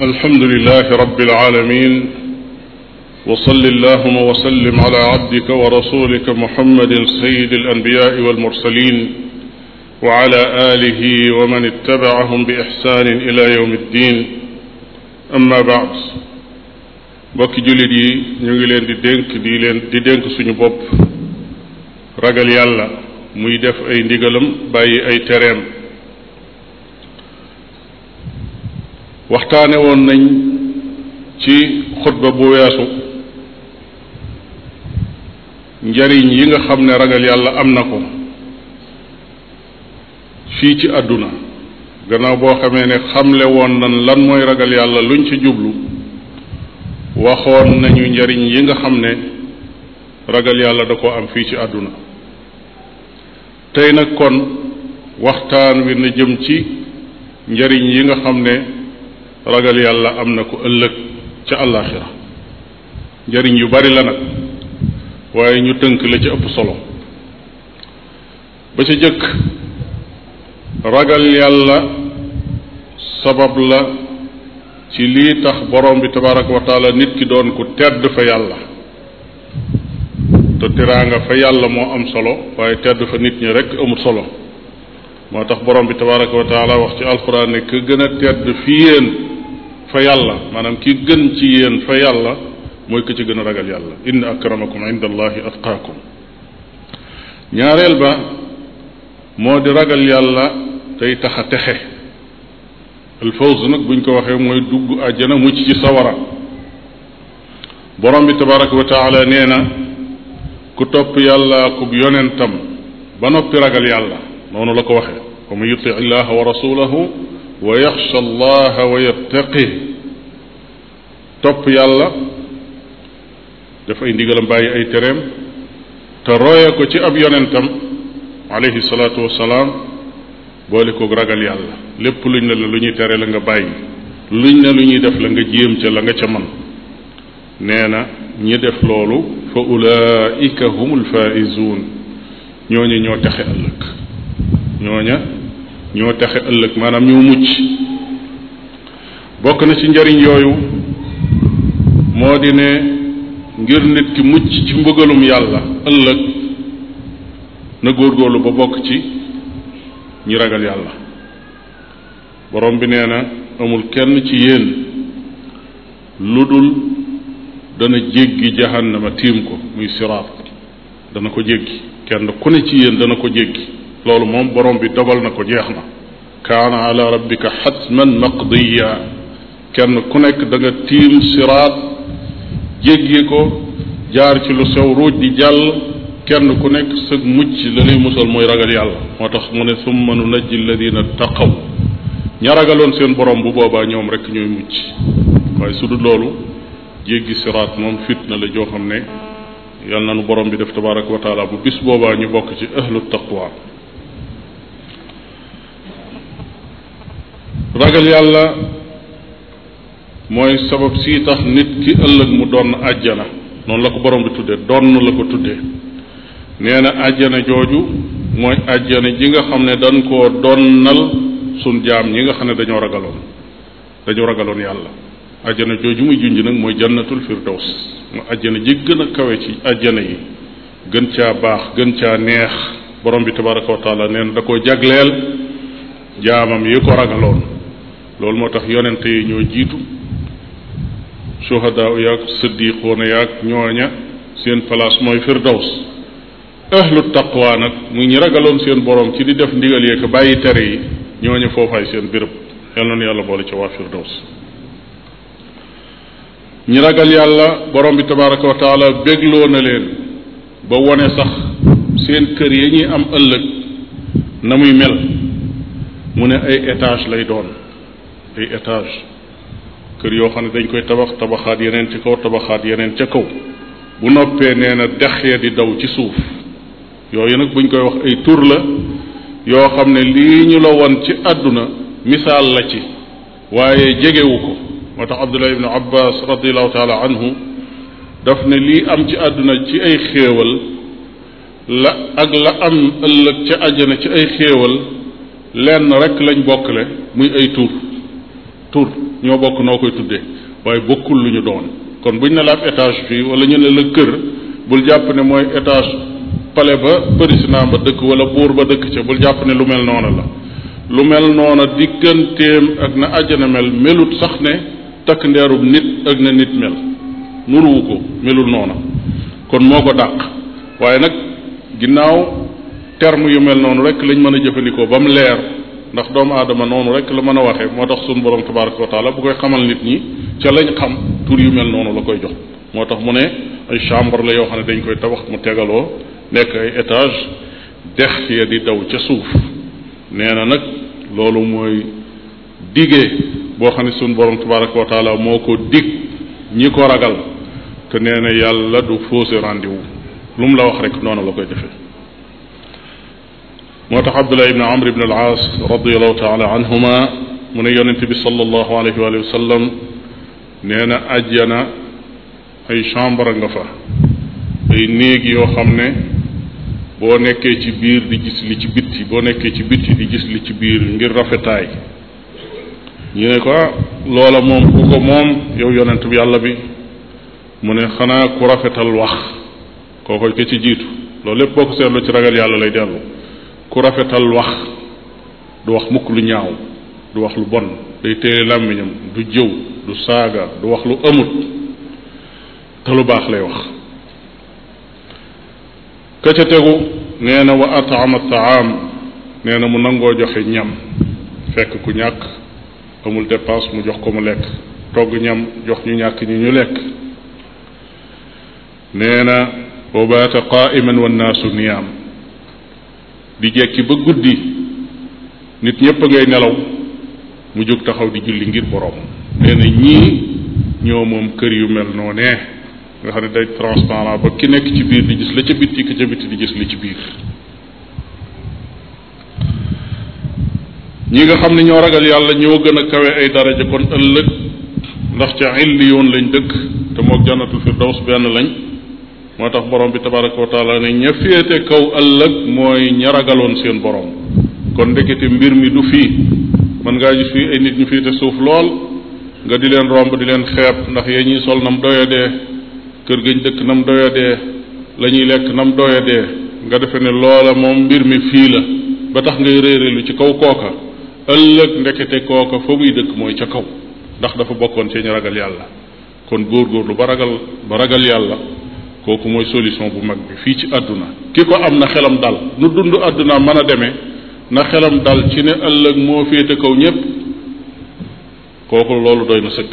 alhamdulilah rabbil aalamiin wa salli allaahumma wa sallim alaa abdika wa rasuulika muhammadin sayyidil anbiyaa'i wal mursaliin wa alaa aalihi wa man ittaba'ahum bi ihsaanin ilaa yawmi ddiin amma ba'd mbokki jullit yi ñu ngi leen di dénk di leen di dénk suñu bopp ragal yàlla muy def ay ndigalam bàyyi ay tereem waxtaane woon nañ ci xutba bu weesu njariñ yi nga xam ne ragal yàlla am na ko fii ci àdduna gannaaw boo xamee ne xamle woon nan lan mooy ragal yàlla luñ ci jublu waxoon nañu njariñ yi nga xam ne ragal yàlla da ko am fii ci àdduna tey nag kon waxtaan wi na jëm ci njariñ yi nga xam ne ragal yàlla am na ko ëllëg ca àllaaxira njariñ yu bari la nag waaye ñu tënk la ci ëpp solo ba ca jëkk ragal yàlla sabab la ci lii tax borom bi tabaraka wa taala nit ki doon ku tedd fa yàlla te tiraanga fa yàlla moo am solo waaye tedd fa nit ñi rekk amul solo moo tax borom bi tabaraka wa taala wax ci alxuraan ne ka gën a tedd fi yéen fa yàlla maanaam ki gën ci yéen fa yàlla mooy ki ci gën a ragal yàlla inna akramakum inda allahi atqaakum ñaareel ba moo di ragal yàlla tey tax a texe alfawz nag buñ ko waxee mooy dugg àjjana mu ci sawara borom bi tabaraka wa taala nee na ku topp yàlla kub yonentam ba noppi ragal yàlla noonu la ko waxee wa man yuti illaha wa rasulahu wa yaxsha allaha wa yattaqih topp yàlla def ay ndigalam bàyyi ay tereem te roye ko ci ab yonentam alayhi salaatu wasalaam boole koog ragal yàlla lépp luñ ne la lu ñuy tere la nga bàyyi luñ ne lu ñuy def la nga jéem ca la nga ca man nee na ñi def loolu fa ulaika humul faizun ñooña ñoo texe ëllëg ñooña ñoo texe ëllëg maanaam ñoo mucc bokk na ci njariñ yooyu moo di ne ngir nit ki mucc ci mbugalum yàlla ëllëg na góorgóorlu ba bokk ci ñi ragal yàlla borom bi nee na amul kenn ci yéen lu dul dana jéggi jahannama tiim ko muy siraat dana ko jéggi kenn ku ne ci yéen dana ko jéggi loolu moom borom bi dogal na ko jeex na kaana ala rabbika xatman maqdiya kenn ku nekk da nga tiim siraat jéggi ko jaar ci lu sew ruuj di jàll kenn ku nekk sëg mucc la lay musal mooy ragal yàlla moo tax mu ne summa nu la alladina taqaw ña ragaloon seen borom bu boobaa ñoom rekk ñooy mucc waaye su dul loolu jéggi siraat moom fitna la joo xam ne yal na nu borom bi def tabaraka wa taala bu bis boobaa ñu bokk ci ahlu taqwa ragal yàlla mooy sabab sii tax nit ki ëllëg mu doon ajjana noonu la ko borom bi tuddee doon la ko tuddee nee na ajjana jooju mooy ajjana ji nga xam ne dañ koo donnal sun jaam ñi nga xam ne dañoo ragaloon dañoo ragaloon yàlla ajjana jooju muy junj nag mooy jannatul firdaws mu ajjana ji gën a kawe ci ajjana yi gën caa baax gën caa neex borom bi tabaraka wa taala da koo jagleel jaamam yi ko ragaloon loolu moo tax yonente yi ñoo jiitu suhadaa yaag siddiquuna yaag ñooña seen place mooy firdaws ahlu taqwa nag muy ñi ragaloon seen borom ci di def ndigal yee bàyyi tere yi ñooña foofaay seen béréb yal na nu yàlla boole ca yàlla borom bi tabaraka wa taala bégloo na leen ba wone sax seen kër yi ñuy am ëllëg na muy mel mu ne ay étage lay doon ay étage kër yoo xam ne dañ koy tabax tabaxaat yeneen ci kaw tabaxaat yeneen ca kaw bu noppee nee na dex ya di daw ci suuf yooyu nag buñ koy wax ay tur la yoo xam ne lii ñu la won ci àdduna misaal la ci waaye jegewu ko moo tax Abdullah ibnu Abbas radiallahu taala anhu daf ne lii am ci àdduna ci ay xéewal la ak la am ëllëg ca àjjana ci ay xéewal lenn rek lañ bokkale muy ay tur tur ñoo bokk noo koy tuddee waaye bokkul lu ñu doon kon buñ ne la ab étage fii wala ñu ne la kër bul jàpp ne mooy étage pale ba président ba dëkk wala buur ba dëkk ca bul jàpp ne lu mel noona la lu mel noona digganteem ak na àjjana mel melut sax ne takk ndeerub nit ak na nit mel nuruwu ko melul noona kon moo ko dàq waaye nag ginnaaw terme yu mel noonu rek lañ mën a jëfandikoo ba mu leer ndax doomu aadama noonu rek la mën a waxee moo tax suñu borom tabaraka wa taala bu koy xamal nit ñi ca lañ xam tur yu mel noonu la koy jox moo tax mu ne ay chambre la yoo xam ne dañ koy tabax mu tegaloo nekk ay étage dex ya di daw ca suuf nee na nag loolu mooy digee boo xam ne suñu borom tabaraka wa taala moo ko dig ñi ko ragal te nee na yàlla du fausse rendez-vous lu mu la wax rek noonu la koy defee moo tax abdullah ibn amr ibn al aas radiallahu taala anhuma mu ne yonent bi sallallahu alayhi wa sallam nee na ajjana ay chambre nga fa néeg yoo xam ne boo nekkee ci biir di gis li boo nekkee ci bitti di gis li ci biir ngir rafetaay ñu ne ko ah, loola moom ku ko yow yonent bi yàlla bi mu ne xanaa ku rafetal wax kooko ko ci loolu lépp boo ko ci ragal yàlla lay dellu ku rafetal wax du wax mukk lu ñaaw du wax lu bon day téye làmmiñam du jëw du saaga du wax lu amut te lu baax lay wax ka ca nee na wa ataama taam na mu nangoo joxe ñam fekk ku ñàkk amul dépense mu jox ko mu lekk togg ñam jox ñu ñàkk ñi ñu lekk nee na wa baata qaiman wannaasu niyaam di jekki ba guddi nit ñépp a ngay nelaw mu jóg taxaw di julli ngir borom nee na ñii ñoo moom kër yu mel noonee nga xam ne day transparent ba ki nekk ci biir di gis la di gis li ci biir ñi nga xam ne ñoo ragal yàlla ñoo gën a kawe ay daraja kon ëllëg ndax ca illi yoon lañ dëkk te mook jannatul firdaws benn lañ moo tax borom bi tabaraka wa taala ne ña féete kaw ëllëg mooy ña ragaloon seen borom kon ndekete mbir mi du fii mën ngaa gis fii ay nit ñu fii féete suuf lool nga di leen romb di leen xeeb ndax yee ñuy sol nam doyadee kër gañ dëkk nam doyadee la ñuy lekk nam doyadee nga defe ne loola moom mbir mi fii la ba tax ngay réeréelu ci kaw kooka ëllëg ndekete kooka fa muy dëkk mooy ca kaw ndax dafa bokkoon ci ñu ragal yàlla kon lu ba ragal ba ragal yàlla kooku mooy solution bu mag bi fii ci àdduna ki ko am na xelam dal nu dund àdduna mën a deme na xelam dal ci ne ëllëg moo féete kaw ñépp kooku loolu doy na sëkk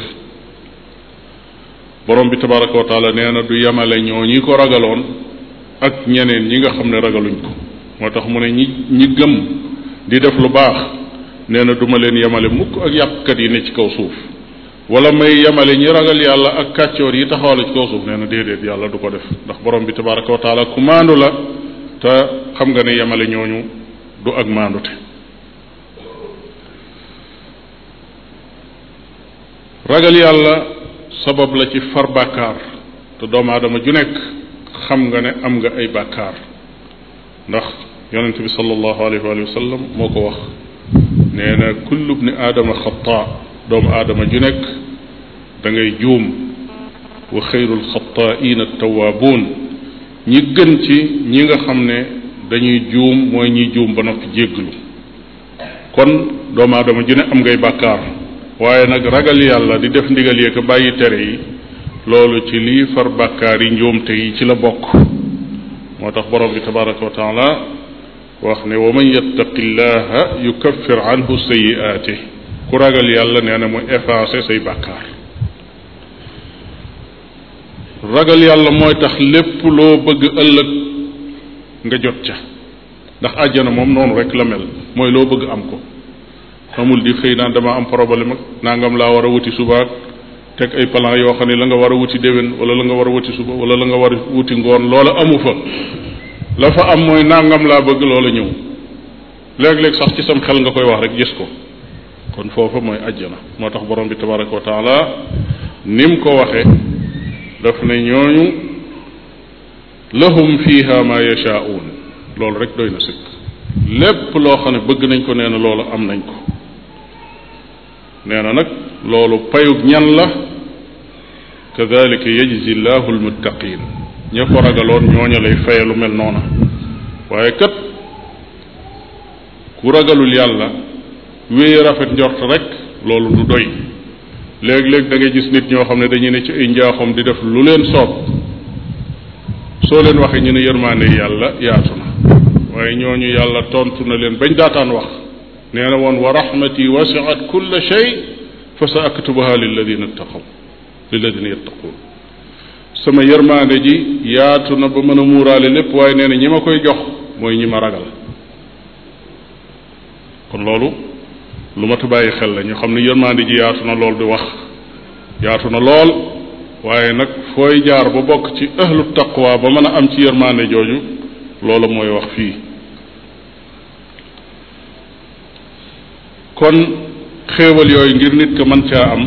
borom bi tabaraka wa taala nee du yemale ñoo ñi ko ragaloon ak ñeneen ñi nga xam ne ragaluñ ko moo tax mu ne ñi ñi gëm di def lu baax nee na duma leen yemale mukk ak yàqkat yi ne ci kaw suuf wala may yemale ñi ragal yàlla ak kàccoor yi taxawale ci kaw nee na déedéet yàlla du ko def ndax borom bi tabaraka wa taala ku maandu la te xam nga ne yamale ñooñu du ak maandute ragal yàlla sabab la ci far bàkkaar te doomu aadama ju nekk xam nga ne am nga ay bàkkaar ndax yonent bi sallallahu alayhi wa sallam moo ko wax nee na kullu bni aadama doomu aadama ju nekk dangay juum wa xayrul xataa'iina tawaabuun ñi gën ci ñi nga xam ne dañuy juum mooy ñi juum ba noppi jéggalu kon doomu aadama ju ne am ngay bàkkaar waaye nag ragal yàlla di def ndigal yee ko bàyyi tere yi loolu ci lii far bàkkaar yi njuumte yi ci la bokk moo tax borom bi tabaraka wa taala wax ne wa man yattaqillaha yukaffir anhu sayiaati ku ragal yàlla nee na mu effacé say bàkkaar ragal yàlla mooy tax lépp loo bëgg ëllëg nga jot ca ndax àjjana moom noonu rek la mel mooy loo bëgg am ko amul di xëy naan dama am problème ak nangam laa war a wuti subaak teg ay plan yoo xam ne la nga war a wuti déwén wala la nga war a wuti suba wala la nga war a wuti ngoon loolu amu fa la fa am mooy nangam laa bëgg loola ñëw léeg-léeg sax ci sam xel nga koy wax rek gis ko kon foofa mooy àjjana moo tax borom bi tabaraka wa taala ni mu ko waxee daf na ñooñu lahum fiha ma yashaaun loolu rek doy na sëkk lépp loo xam ne bëgg nañ ko nee na loolu am nañ ko nee na nag loolu payug ñan la kadalika yajzi llahu lmuttaqin ña ko ragaloon ñooña lay faye lu mel noona waaye kat ku ragalul yàlla wéye rafet njort rek loolu du doy léegi léeg dangay gis nit ñoo xam ne dañuy ne ci ay njaaxum di def lu leen soob soo leen waxee ñu ne yërmaande yàlla yaatu waaye ñooñu yàlla tontu na leen bañ daataan wax nee na woon wa rahmati wasiat kulla shay fa sa aktubuha lilladina ittaqaw lilladina yattaquun sama yërmaande ji yaatu na ba mën a muuraale lépp waaye nee na ñi ma koy jox mooy ñi ma ragal kon loolu lu mat bàyyi xel la ñu xam ne yërmande ji yaatu na lool di wax yaatu na lool waaye nag fooy jaar ba bokk ci ahlu taqwa ba mën a am ci yërmande jooju loolu mooy wax fii kon xéewal yooyu ngir nit ko mën caa am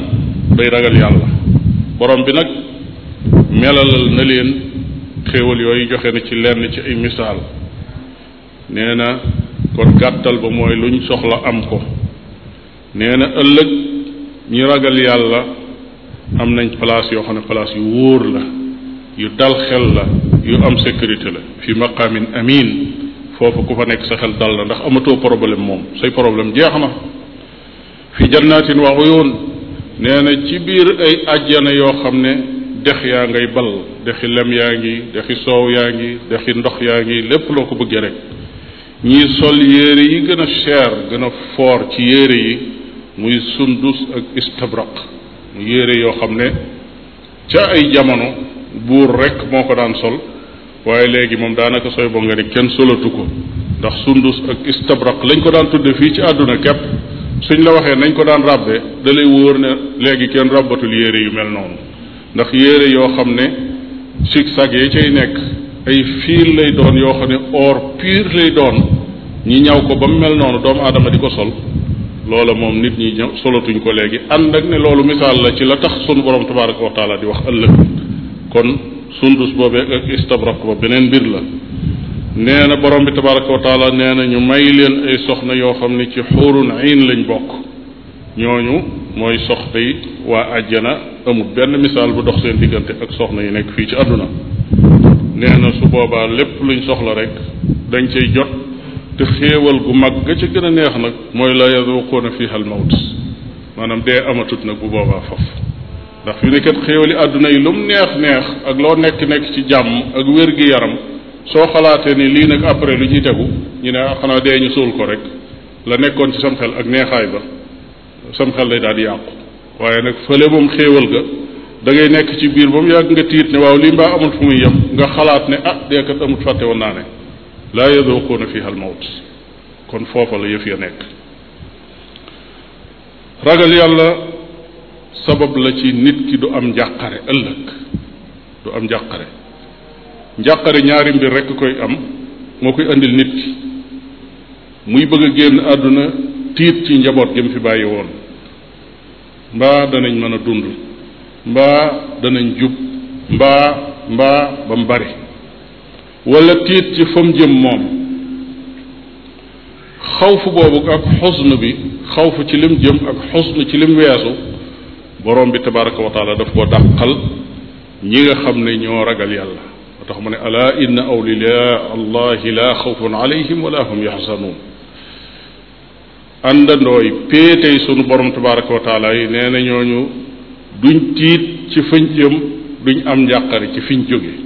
day ragal yàlla borom bi nag melalal na leen xéewal yooyu joxe na ci lenn ci ay misaal nee na kon gàttal ba mooy luñ soxla am ko nee na ëllëg ñi ragal yàlla am nañ place yoo xam ne place yu wóor la yu dal xel la yu am sécurité la fi maqaamin amin foofu ku fa nekk sa xel dal la ndax amatoo problème moom say problème jeex na fi jannatin wa uyun nee na ci biir ay ajjana yoo xam ne dex yaa ngay bal dexi lem yaa ngi dexi soow yaa ngi dexi ndox yaa ngi lépp loo ko bëggee rek ñii sol yére yi gën a cher gën a fort ci yére yi muy sundus ak istabraq mu yére yoo xam ne ca ay jamono buur rek moo ko daan sol waaye léegi moom daanaka sooy bo nga ne kenn solatu ko ndax sundus ak istabraq lañ ko daan tudde fii ci àdduna képp suñ la waxee nañ ko daan ràbbe dalay wóor ne léegi kenn ràbbatul yére yu mel noonu ndax yére yoo xam ne zigzag ya cay nekk ay fiil lay doon yoo xam ne oor pur lay doon ñi ñaw ko ba mu mel noonu doomu aadama di ko sol loola moom nit ñi ñëw solatuñ ko léegi ànd ak ne loolu misaal la ci la tax sunu borom tabaraka wa taala di wax ëllëg kon sundus boobee ak istabraq ba beneen mbir la nee na borom bi tabaraka wa taala nee na ñu may leen ay soxna yoo xam ne ci na ayn lañ bokk ñooñu mooy soxna yi waa àjjana amul benn misaal bu dox seen diggante ak soxna yi nekk fii ci àdduna nee na su boobaa lépp luñ soxla rek dañ cay jot te xéewal gu mag ga ca gën a neex nag mooy la yaduquuna fiha al mawt maanaam dee amatut nag bu boobaa faf ndax fi ne kat xéewali àdduna yi lu mu neex neex ak loo nekk nekk ci jàmm ak wér gi yaram soo xalaatee ni lii nag après lu ñuy tegu ñu ne ah, xanaa dee ñu suul ko rek la nekkoon ci sam xel ak neexaay ba sam xel lay daal di yàqu waaye nag fële moom xéewal ga da ngay nekk ci biir ba mu yàgg nga tiit ne waaw lii mbaa amul fu muy yem nga xalaat ne ah dee kat amut woon naa ne laa yadooquuna fiha al mawt kon foofa la yëf ya nekk ragal yàlla sabab la ci nit ki du am njàqare ëllëg du am njàqare njàqare ñaari mbir rekk koy am moo koy andil nit ki muy bëgg a génn àdduna tiit ci njaboot gi fi bàyyi woon mbaa danañ mën a dund mbaa danañ jub mbaa mbaa ba mu bari wala tiit ci fam jëm moom xawfu boobu ak xusn bi xawfu ci lim jëm ak xusn ci lim weesu borom bi tabaraka wa daf ko dàqal ñi nga xam ne ñoo ragal yàlla moo tax mu ne ala inna awliyaa allahi laa xawfun alayhim wala hum yaxsanuun àndandooy péetey sunu borom tabaraka wa taala yi nee na ñooñu duñ tiit ci fañ jëm duñ am njàqare ci fiñ jóge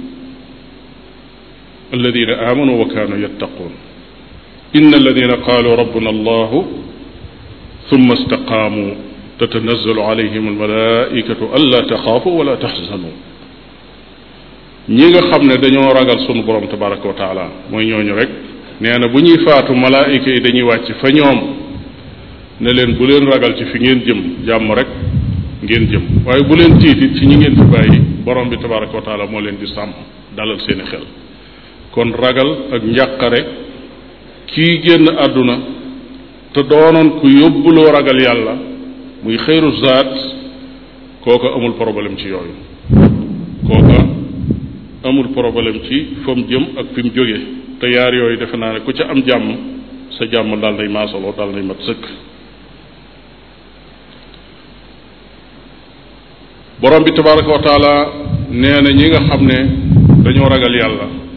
alladina amanu wa kaanu yattaquun inna alladina qaalu rabbuna allahu thumma istaqaamu tatanazzalu alayhim almalaaikatu alla taxaafu wala taxzanu ñi nga xam ne dañoo ragal sunu borom tabaraka wa taala mooy ñooñu rek nee na bu ñuy faatu malaayika yi dañuy wàcc fa ñoom ne leen bu leen ragal ci fi ngeen jëm jàmm rek ngeen jëm waaye bu leen tiitit ci ñi ngeen fi bàyyi borom bi tabaraka wa taala moo leen di sàmm dalal seeni xel kon ragal ak njàqare kii génn àdduna te doonoon ku yóbbuloo ragal yàlla muy xëyru zaat kooka amul problème ci yooyu kooka amul problème ci fa jëm ak fi mu jóge te yaar yooyu defe naa ne ku ca am jàmm sa jàmm daal nay maasaloo daal nay mat sëkk borom bi tabaraka wa taala nee na ñi nga xam ne dañoo ragal yàlla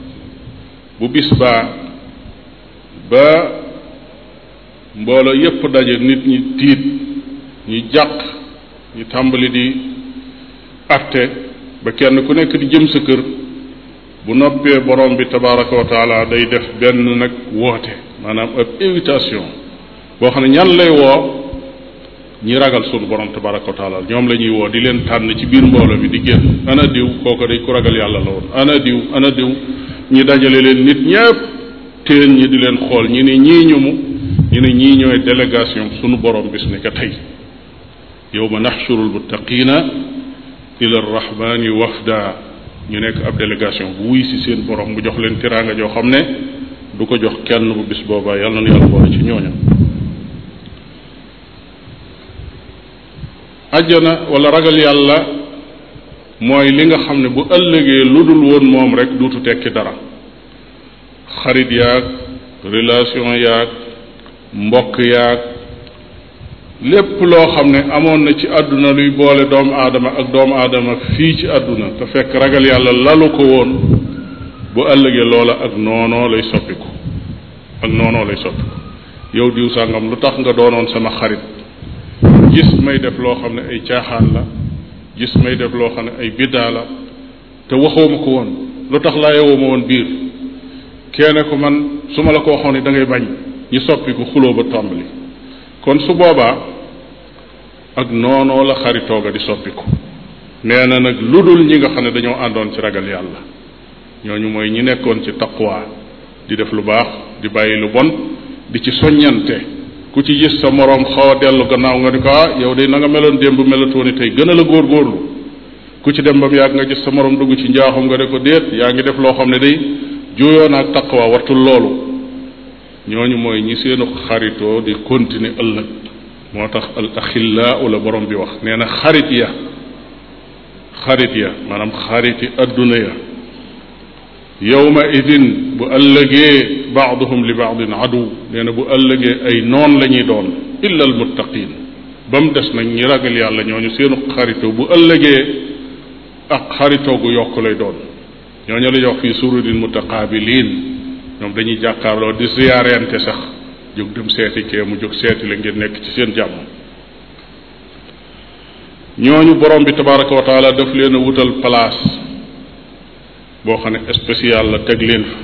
bu bis baa ba mbooloo yépp daje nit ñi tiit ñu jàq ñu tàmbali di atte ba kenn ku nekk di jëm sa kër bu noppee borom bi tabaraka wa day def benn nag woote maanaam ab invitation boo xam ne ñan lay woo ñi ragal sunu borom tabaraka wa ñoom la ñuy woo di leen tànn ci biir mbooloo bi di génn ana diw kooko day ku ragal yàlla la woon ana diw diw ñi dajale leen nit ñépp téen ñi di leen xool ñi ne ñii ñu mu ñu ne ñii ñooy délégation sunu borom bis ne ka tey yowma naxshurul muttaqina ila rahmani wafda ñu nekk ab délégation bu wuy si seen borom mu jox leen tiraanga joo xam ne du ko jox kenn bu bis boobaa yàlla na yàlla boole ci ñooña ajjana wala ragal yàlla mooy li nga xam ne bu ëllëgee lu dul woon moom rek duutu tekki dara xarit yaag relation yaag mbokk yaag lépp loo xam ne amoon na ci àdduna luy boole doomu aadama ak doomu aadama fii ci àdduna te fekk ragal yàlla lalu ko woon bu ëllëgee loola ak noonoo lay soppiku ak noonoo lay soppiku yow diw sàngam lu tax nga doonoon sama xarit gis may def loo xam ne ay caaxaan la gis may def loo xam ne ay biddaa la te waxoo ko woon lu tax laayewoo ma woon biir kenn ko man su ma la ko waxoon ni da ngay bañ ñu soppi ko xuloo ba tàmbali kon su boobaa ak noonoo la xaritooga di soppiku nee na nag lu dul ñi nga xam ne dañoo àndoon ci ragal yàlla ñooñu mooy ñi nekkoon ci taqwa di def lu baax di bàyyi lu bon di ci soññante ku ci gis sa moroom xaw a dellu gannaaw nga ni ko ah yow de na nga meloon démb melatoo ni tey gën a la góorgóorlu ku ci dem ba mu nga gis sa moroom dugg ci njaaxum nga ne ko déet yaa ngi def loo xam ne day juuyoo na ak taqwa wartul loolu ñooñu mooy ñi seenu xaritoo di continuer ëllëg moo tax al axillaa la borom bi wax nee na xarit ya xarit ya maanaam xariti adduna ya yowma idin bu ëllëgee baaduhum li baadin aduw nee na bu ëllëgee ay noon la ñuy doon illa al muttaqin ba mu des nag ñi ragal yàlla ñoo ñu seenu xaritoo bu ëllëgee ak xaritoo gu yokk lay doon ñooñu la yox fii surudin mutaqaabiliin ñoom dañuy jàkkaarloo di ziyaarente sax jóg dem seeti kee mu jóg seeti la ngir nekk ci seen jàmm ñooñu borom bi tabaraka wa taala daf leen a wutal place boo xam ne spécial la teg leen fa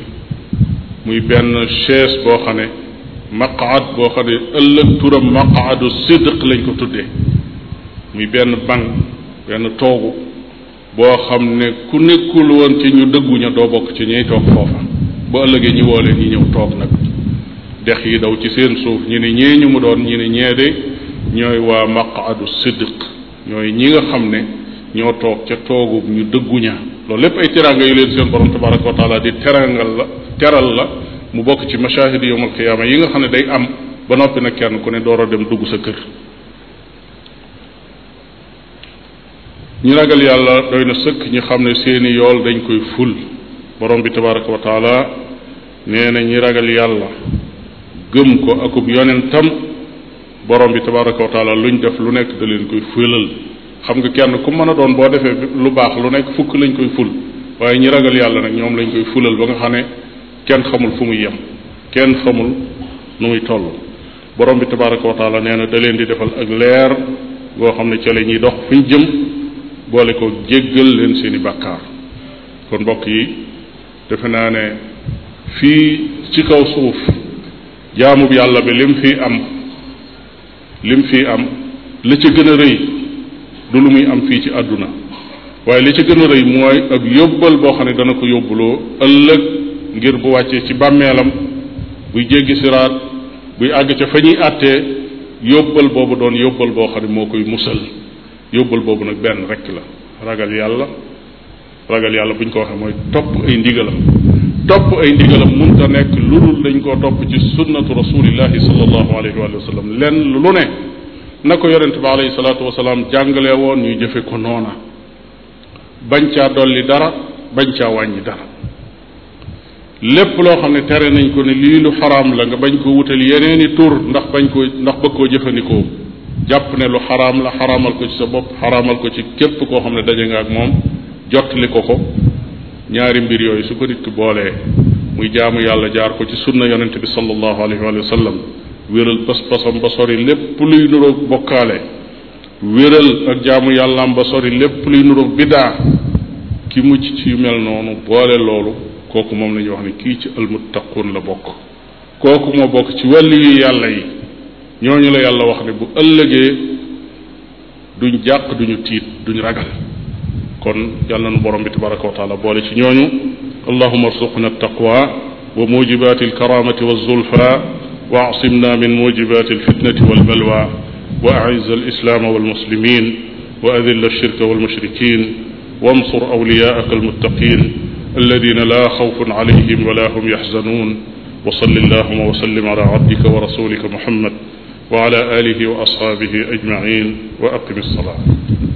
muy benn chaise boo xam ne maqaad boo xam ne ëllëg turam maqaadu sidq lañ ko tuddee muy benn banc benn toogu boo xam ne ku nekkul woon ci ñu dëgguña doo bokk ci ñuy toog foofa ba ëllëgee ñu woo leen ñi ñëw toog nag dex yi daw ci seen suuf ñu ne ñee ñu mu doon ñu ne ñee de ñooy waa maqaadu sidq ñooy ñi nga xam ne ñoo toog ca toogu ñu dëgguña loolu lépp ay teraanga yu leen seen borom tabaraka wa taala di terangal la teral la mu bokk ci mashahid yowm alqiyaama yi nga xam ne day am ba noppi na kenn ku ne door a dem dugg sa kër ñi ragal yàlla doy na sëkk ñi xam ne seeni yool dañ koy ful borom bi tabaraka wa taala nee na ñi ragal yàlla gëm ko akub yonentam borom bi tabaraka wa taala luñ def lu nekk da leen koy fulal xam nga kenn ku mën a doon boo defee lu baax lu nekk fukk lañ koy ful waaye ñi ragal yàlla nag ñoom lañ koy fulal ba nga xam ne kenn xamul fu muy yem kenn xamul nu muy toll borom bi tabaraka taala nee na da leen di defal ak leer goo xam ne ca la ñuy dox fi ñu jëm boole ko jéggal leen seeni bàkkaar kon mbokk yi defe naa ne fii ci kaw suuf jaamub yàlla bi lim fi am lim fi am li ci gën a rëy du lu muy am fii ci àdduna waaye li ci gën a rëy mooy ak yóbbal boo xam ne dana ko yóbbuloo ëllëg ngir bu wàccee ci bàmmeelam buy jéggi siraat buy àgg ca fa ñuy àttee yóbbal boobu doon yóbbal boo xam ne moo koy musal yóbbal boobu nag benn rekk la ragal yàlla ragal yàlla bu ñu ko waxee mooy topp ay ndigalam topp ay ndigalam mënta nekk lu dul dañ koo topp ci sunnatu rasulillahi sallallahu alayhi wa sallam lenn lu ne na ko yonent bi alayhi salaatu salaam jàngalee woon ñuy jëfe ko noona bañ caa dolli dara bañ caa wàññi dara lépp loo xam ne tere nañ ko ne lii lu xaraam la nga bañ ko wutal yi tur ndax bañ koo ndax bëgg koo jëfandikoo jàpp ne lu xaraam la xaraamal ko ci sa bopp xaraamal ko ci képp koo xam ne daje nga ak moom jottali ko ko ñaari mbir yooyu su ko dikk boolee muy jaamu yàlla jaar ko ci sunna yonent bi sallallahu alayhi wa sallam wéral pas-pasam ba sori lépp luy nuroog bokkaale wéral ak jaamu yàllaam ba sori lépp luy nuroog biddaa ki mucc ci yu mel noonu boole loolu kooku moom la wax ne kii ci almuttaquun la bokk kooku moo bokk ci wàllu yu yàlla yi ñooñu la yàlla wax ne bu ëllëgee duñ jàq duñu tiit duñ ragal kon yàlla nu borom bi tabaraka wa taala boole ci ñooñu allahuma arzuqna taqwa wa mujibaati alkaramati wa zulfa واعصمنا من موجبات الفتنة والبلوى وأعز الإسلام والمسلمين وأذل الشرك والمشركين وانصر أولياءك المتقين الذين لا خوف عليهم ولا هم يحزنون وصل اللهم وسلم على عبدك ورسولك محمد وعلى آله وأصحابه أجمعين وأقم الصلاة